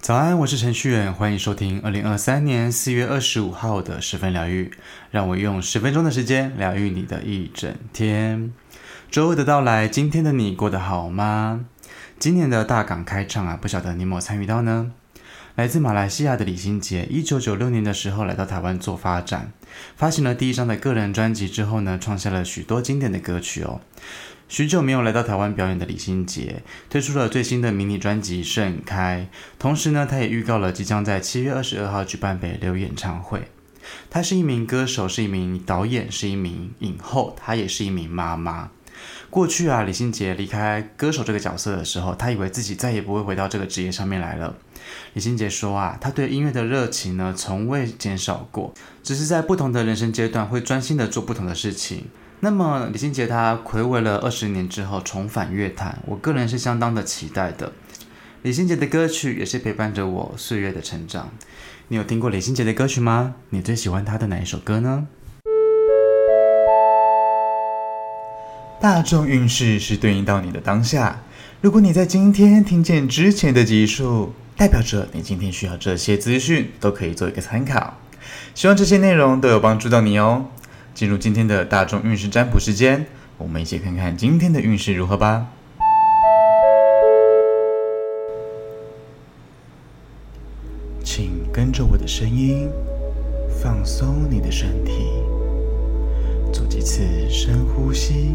早安，我是程序員，歡迎收聽二零二三年四月二十五號的十分療癒。讓我用十分鐘的時間療癒你的一整天。週二的到來，今天的你過得好嗎？今年的大港開唱啊，不曉得你有沒有參與到呢？來自馬來西亞的李心潔，一九九六年的時候來到台灣做發展，發行了第一張的個人專輯之後呢，創下了許多經典的歌曲哦。許久沒有來到台灣表演的李心潔，推出了最新的迷你專輯《盛開》，同時呢，她也預告了即將在七月二十二號舉辦北流演唱會。她是一名歌手，是一名導演，是一名影後，她也是一名媽媽。過去啊，李心潔離開歌手這個角色的時候，她以為自己再也不會回到這個職業上面來了。李心潔說：“啊，他對音樂的熱情呢，從未減少過，只是在不同的人生階段會專心的做不同的事情。那麼，李心潔他暌違了二十年之後重返樂壇，我個人是相當的期待的。李心潔的歌曲也是陪伴着我歲月的成長。你有聽過李心潔的歌曲嗎？你最喜歡他的哪一首歌呢？”大眾運勢是對應到你的當下，如果你在今天聽見之前的集數，代表着你今天需要這些資訊，都可以做一個參考，希望這些內容都有幫助到你哦。進入今天的大眾運勢占卜時間，我們一起看看今天的運勢如何吧。請跟着我的聲音，放鬆你的身體，做幾次深呼吸。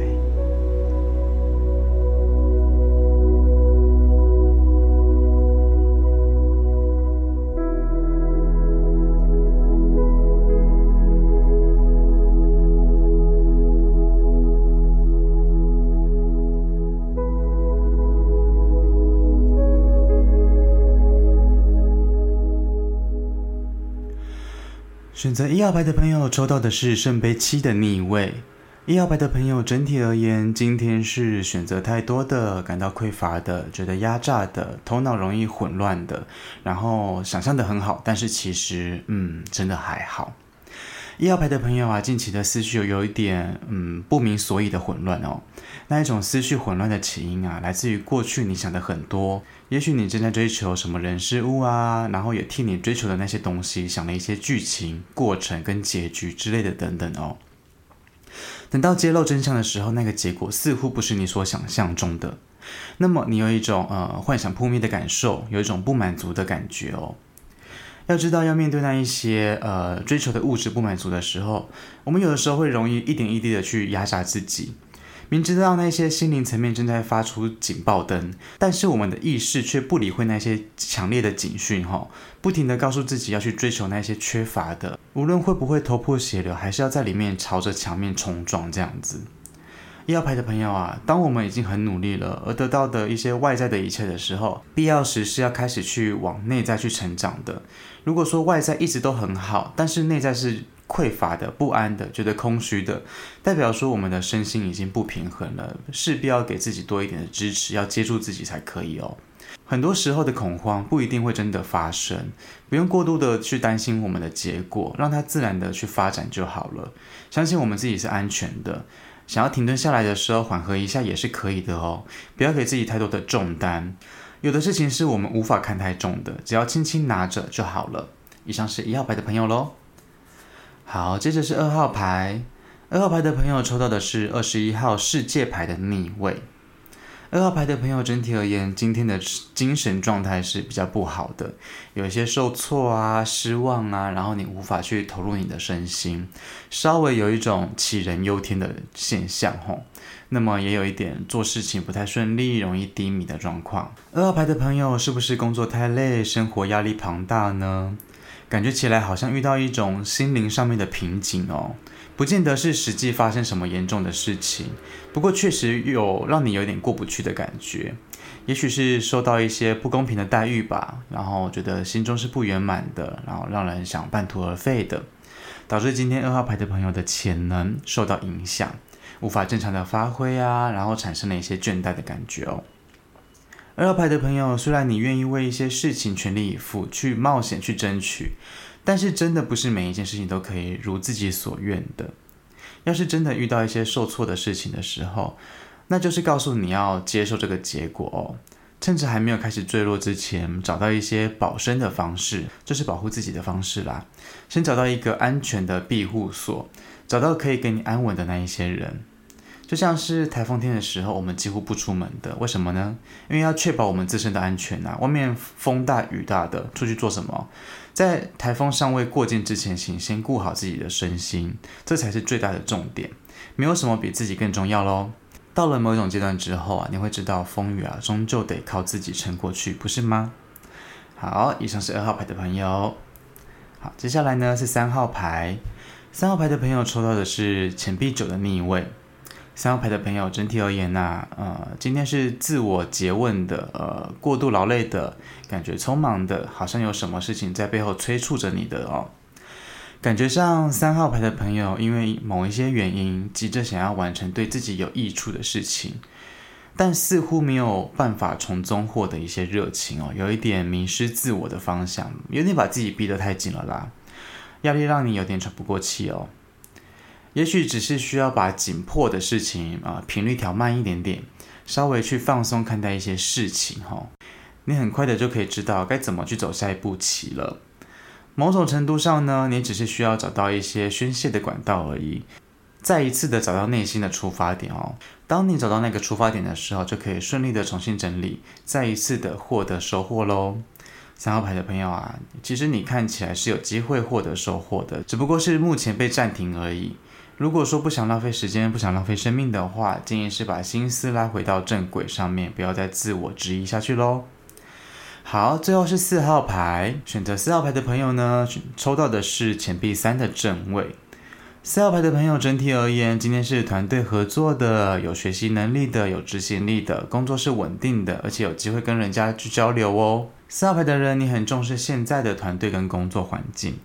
選擇一號牌的朋友抽到的是聖杯七的逆位。一號牌的朋友整體而言，今天是選擇太多的，感到匱乏的，覺得壓榨的，頭腦容易混亂的，然後想象得很好，但是其實，嗯，真的還好。一號牌的朋友啊，近期的思緒有一點，嗯，不明所以的混亂哦。那一種思緒混亂的起因啊，來自於過去你想的很多，也許你正在追求什麼人事物啊，然後也替你追求的那些東西想了一些劇情、過程跟結局之類的等等哦。等到揭露真相的時候，那個結果似乎不是你所想象中的，那麼你有一種，呃，幻想破滅的感受，有一種不滿足的感覺哦。要知道，要面對那一些呃追求的物質不滿足的時候，我們有的時候會容易一點一滴的去壓榨自己。明知道那些心靈層面正在發出警報燈，但是我們的意識卻不理會那些強烈的警訊，齁，不停的告訴自己要去追求那些缺乏的，無論會不會頭破血流，還是要在裡面朝着牆面衝撞這樣子。要排的朋友啊，當我們已經很努力了，而得到的一些外在的一切的時候，必要時是要開始去往內在去成長的。如果說外在一直都很好，但是內在是匱乏的、不安的、覺得空虛的，代表說我們的身心已經不平衡了，勢必要給自己多一點的支持，要接住自己才可以哦。很多時候的恐慌不一定會真的發生，不用過度的去擔心我們的結果，讓它自然的去發展就好了。相信我們自己是安全的。想要停頓下來的時候，緩和一下也是可以的哦，不要給自己太多的重擔。有的事情是我們無法看太重的，只要輕輕拿着就好了。以上是一號牌的朋友嘍，好，接着是二號牌，二號牌的朋友抽到的是二十一號世界牌的逆位。二號牌的朋友，整體而言，今天的精神狀態是比較不好的，有一些受挫啊、失望啊，然後你無法去投入你的身心，稍微有一種杞人憂天的現象吼。那麼也有一點做事情不太順利、容易低迷的狀況。二號牌的朋友，是不是工作太累、生活壓力龐大呢？感覺起來好像遇到一種心靈上面的瓶頸哦。不見得是實際發生什麼嚴重的事情，不過確實有讓你有點過不去的感覺，也許是受到一些不公平的待遇吧，然後覺得心中是不圓滿的，然後讓人想半途而廢的，導致今天二號牌的朋友的潛能受到影響，無法正常的發揮啊，然後產生了一些倦怠的感覺哦。二號牌的朋友，雖然你願意為一些事情全力以赴，去冒險去爭取，但是真的不是每一件事情都可以如自己所願的。要是真的遇到一些受挫的事情的時候，那就是告訴你要接受這個結果哦。趁着還沒有開始墜落之前，找到一些保身的方式，就是保護自己的方式啦。先找到一個安全的庇護所，找到可以給你安穩的那一些人。就像是颱風天的時候，我們幾乎不出門的，為什麼呢？因為要確保我們自身的安全啊！外面風大雨大的，出去做什麼？在颱風尚未過境之前，請先顧好自己的身心，這才是最大的重點。沒有什麼比自己更重要嘍。到了某一種階段之後啊，你會知道風雨啊，終究得靠自己撐過去，不是嗎？好，以上是二號牌的朋友。好，接下來呢是三號牌，三號牌的朋友抽到的是錢幣九的逆位。三號牌的朋友，整體而言呢、啊，呃，今天是自我詰問的，呃，過度勞累的感覺，匆忙的，好像有什麼事情在背後催促着你的哦，感覺上三號牌的朋友，因為某一些原因，急着想要完成對自己有益處的事情，但似乎沒有辦法從中獲得一些熱情哦，有一點迷失自我的方向，有點把自己逼得太緊了啦，壓力讓你有點喘不過氣哦。也許只是需要把緊迫的事情啊、呃、頻率調慢一點點，稍微去放鬆看待一些事情哈、哦，你很快的就可以知道該怎麼去走下一步棋了。某種程度上呢，你只是需要找到一些宣洩的管道，而已，再一次的找到內心的出發點哦。當你找到那個出發點的時候，就可以順利的重新整理，再一次的獲得收穫嘍。三號牌的朋友啊，其實你看起來是有機會獲得收穫的，只不過是目前被暫停而已。如果說不想浪費時間，不想浪費生命的話，建議是把心思拉回到正軌上面，不要再自我質疑下去嘍。好，最後是四號牌，選擇四號牌的朋友呢，抽到的是錢幣三的正位。四號牌的朋友整體而言，今天是團隊合作的，有學習能力的，有執行力的，工作是穩定的，而且有機會跟人家去交流哦。四號牌的人，你很重視現在的團隊跟工作環境。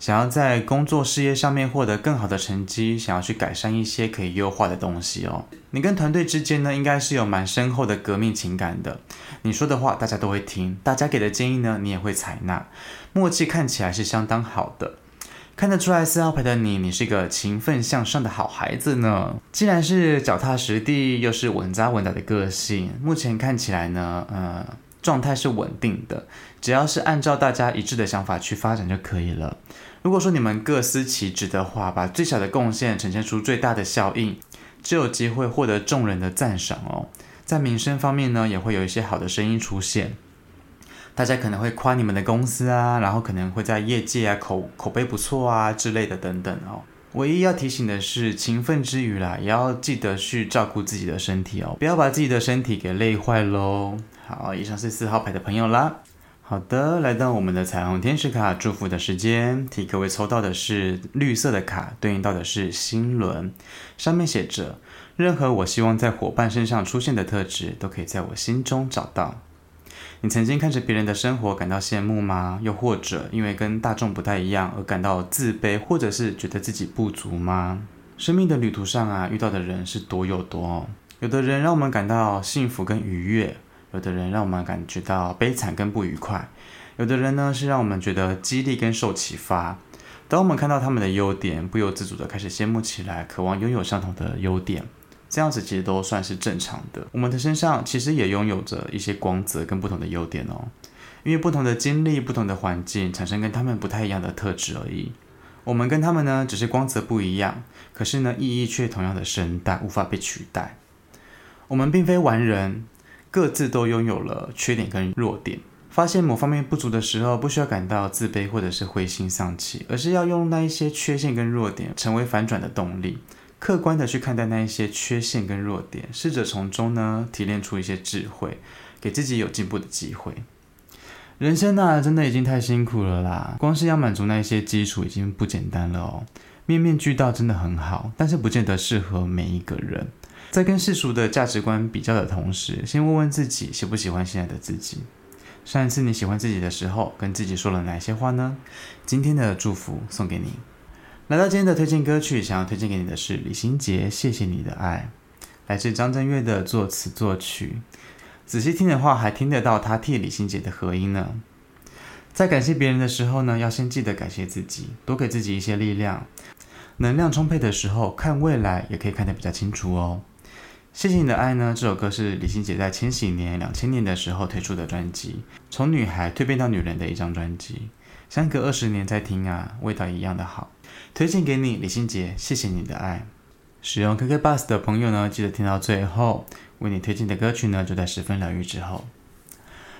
想要在工作事業上面獲得更好的成績，想要去改善一些可以優化的東西哦。你跟團隊之間呢，應該是有蠻深厚的革命情感的。你說的話大家都會聽，大家給的建議呢，你也會採納。默契看起來是相當好的。看得出來四號牌的你，你是一個勤奮向上的好孩子呢。既然是腳踏實地，又是穩紮穩打的個性，目前看起來呢，嗯、呃。狀態是穩定的，只要是按照大家一致的想法去發展就可以了。如果說你們各司其職的話，把最小的貢獻呈現出最大的效應，就有機會獲得眾人的讚賞哦。在民生方面呢，也會有一些好的聲音出現，大家可能會誇你們的公司啊，然後可能會在業界啊，口口碑不錯啊之類的等等哦。唯一要提醒的是，勤奮之餘啦，也要記得去照顧自己的身體哦，不要把自己的身體給累壞嘍。好，以上是四號牌的朋友啦。好的，來到我們的彩虹天使卡祝福的時間，替各位抽到的是綠色的卡，對應到的是心輪，上面寫着：任何我希望在夥伴身上出現的特質，都可以在我心中找到。你曾經看着別人的生活，感到羨慕嗎？又或者因為跟大眾不太一樣而感到自卑，或者是覺得自己不足嗎？生命的旅途上啊，遇到的人是多又多，有的人讓我們感到幸福跟愉悅。有的人讓我們感覺到悲慘跟不愉快，有的人呢是讓我們覺得激勵跟受啟發。當我們看到他們的優點，不由自主的開始羨慕起來，渴望擁有相同的優點，這樣子其實都算是正常的。我們的身上其實也擁有着一些光澤跟不同的優點哦，因為不同的經歷、不同的環境，產生跟他們不太一樣的特質而已。我們跟他們呢只是光澤不一樣，可是呢意義卻同樣的深大，無法被取代。我們並非完人。各自都擁有了缺點跟弱點，發現某方面不足的時候，不需要感到自卑或者是灰心喪氣，而是要用那一些缺陷跟弱點成為反轉的動力，客觀的去看待那一些缺陷跟弱點，試着從中呢提煉出一些智慧，給自己有進步的機會。人生吶、啊，真的已經太辛苦了啦，光是要滿足那一些基礎已經不簡單了哦。面面俱到真的很好，但是不見得適合每一個人。在跟世俗的價值觀比較的同時，先問問自己，喜不喜歡現在的自己。上一次你喜歡自己的時候，跟自己說了哪些話呢？今天的祝福送給你。來到今天的推薦歌曲，想要推薦給你的是李心潔《謝謝你的愛》，來自張震岳的作詞作曲。仔細聽的話，還聽得到他替李心潔的和音呢。在感謝別人的時候呢，要先記得感謝自己，多給自己一些力量。能量充沛的時候，看未來也可以看得比較清楚哦。謝謝你的愛呢，這首歌是李心潔在千禧年兩千年的時候推出的專輯，從女孩蛻變到女人的一張專輯。相隔二十年再聽啊，味道一樣的好，推薦給你。李心潔，謝謝你的愛。使用 KKBus 的朋友呢，記得聽到最後，為你推薦的歌曲呢，就在十分療癒之後。